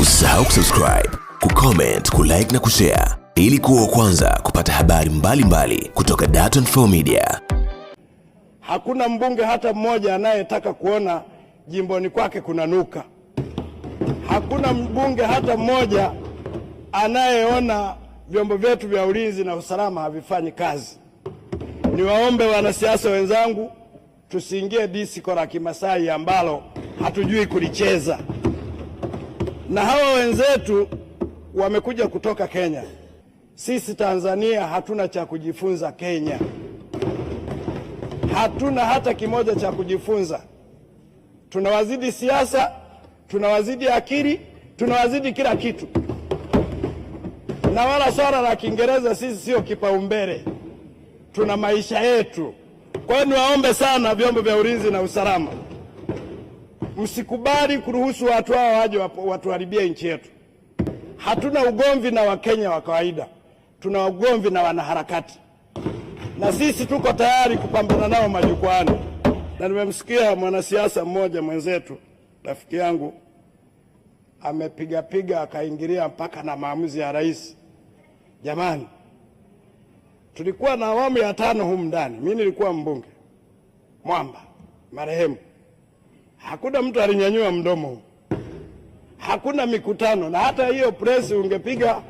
Usisahau kusubscribe, kucomment, kulike na kushare ili kuwa kwanza kupata habari mbalimbali mbali kutoka Dar24 Media. Hakuna mbunge hata mmoja anayetaka kuona jimboni kwake kuna nuka Hakuna mbunge hata mmoja anayeona vyombo vyetu vya ulinzi na usalama havifanyi kazi. Niwaombe wanasiasa wenzangu, tusiingie disko la Kimasai ambalo hatujui kulicheza na hawa wenzetu wamekuja kutoka Kenya. Sisi Tanzania hatuna cha kujifunza Kenya, hatuna hata kimoja cha kujifunza. Tunawazidi siasa, tunawazidi akili, tunawazidi kila kitu, na wala swala la Kiingereza sisi sio kipaumbele, tuna maisha yetu. Kwa hiyo niwaombe sana vyombo vya ulinzi na usalama msikubali kuruhusu watu hao waje watuharibie nchi yetu. Hatuna ugomvi na Wakenya wa kawaida, tuna ugomvi na wanaharakati, na sisi tuko tayari kupambana nao majukwaani. Na nimemsikia mwanasiasa mmoja mwenzetu, rafiki yangu, amepigapiga akaingilia mpaka na maamuzi ya rais. Jamani, tulikuwa na awamu ya tano humu ndani, mimi nilikuwa mbunge Mwamba marehemu hakuna mtu alinyanyua mdomo, hakuna mikutano, na hata hiyo presi ungepiga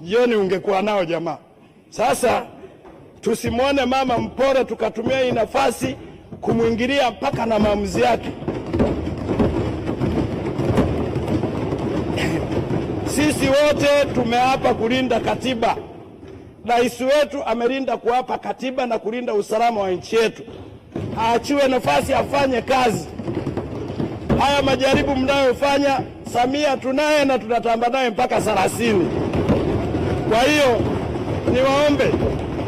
jioni ungekuwa nao jamaa. Sasa tusimwone mama mpore, tukatumia hii nafasi kumwingilia mpaka na maamuzi yake. Sisi wote tumeapa kulinda katiba. Rais wetu amelinda kuapa katiba na kulinda usalama wa nchi yetu. Aachiwe nafasi afanye kazi. Haya majaribu mnayofanya, Samia tunaye na tunatamba naye mpaka thelathini. Kwa hiyo niwaombe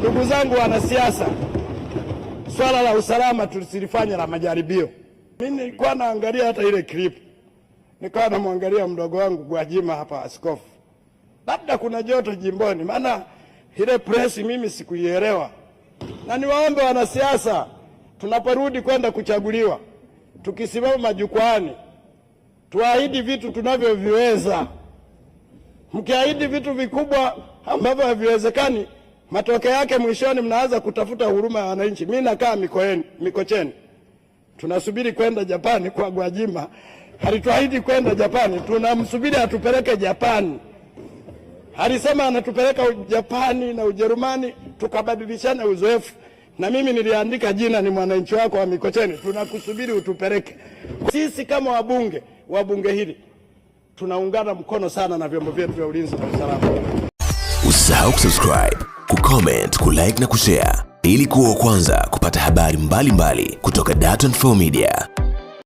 ndugu zangu wanasiasa, swala la usalama tusilifanye la majaribio. mi nilikuwa naangalia hata ile clip, nikawa namwangalia mdogo wangu Gwajima hapa, askofu, labda kuna joto jimboni, maana ile presi mimi sikuielewa. Na niwaombe wanasiasa, tunaporudi kwenda kuchaguliwa tukisimama majukwani tuahidi vitu tunavyoviweza. Mkiahidi vitu vikubwa ambavyo haviwezekani, matokeo yake mwishoni mnaanza kutafuta huruma ya wananchi. Mi nakaa Mikocheni, tunasubiri kwenda Japani kwa Gwajima. Alituahidi kwenda Japani, tunamsubiri atupeleke Japani. Alisema anatupeleka Japani na Ujerumani tukabadilishana uzoefu na mimi niliandika jina, ni mwananchi wako wa Mikocheni, tunakusubiri utupeleke. Sisi kama wabunge wa bunge hili tunaungana mkono sana na vyombo vyetu vya ulinzi na usalama. Usisahau kusubscribe, kucomment, kulike na kushare ili kuwa wa kwanza kupata habari mbalimbali mbali kutoka Dar24 Media.